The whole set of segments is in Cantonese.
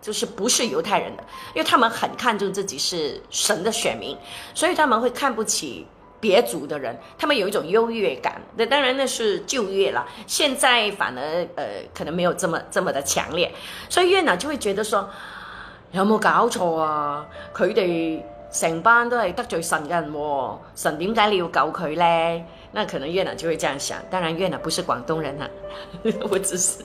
就是不是猶太人的，因為他們很看重自己是神的選民，所以他們會看不起別族的人，他們有一種優越感。那當然那是舊約了，現在反而呃可能沒有這麼這麼的強烈，所以約拿就會覺得說，有冇搞錯啊？佢哋成班都係得罪神嘅人，哦，神點解你要救佢咧？那可能約拿就會這樣想。當然約拿不是廣東人啊，我只是。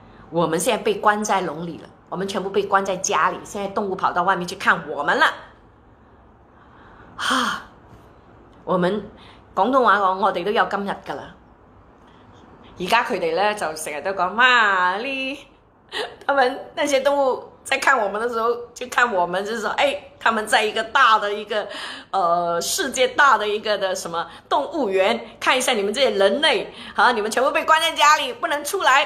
我們現在被關在籠裏了，我們全部被關在家裏。現在動物跑到外面去看我們了，哈、啊！我們廣東話講，我哋都有今日噶啦。而家佢哋咧就成日都講，媽呢，他們那些動物在看我們的時候，就看我們就是說，哎，他們在一個大的一個，呃，世界大的一個的什麼動物園，看一下你們這些人類，好、啊，你們全部被關在家裏，不能出來。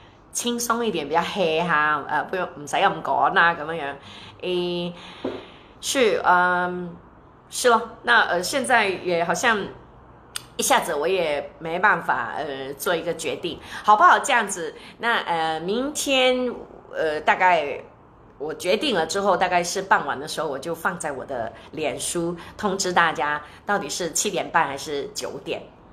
輕鬆一點，比較黑哈，呃，不用唔使咁趕啦，咁樣、啊、樣，誒，是，嗯，是咯、哦，那，呃，現在也好像一下子我也沒辦法，呃，做一個決定，好不好？這樣子，那，呃，明天，呃，大概我決定了之後，大概是傍晚的時候，我就放在我的臉書通知大家，到底是七點半還是九點。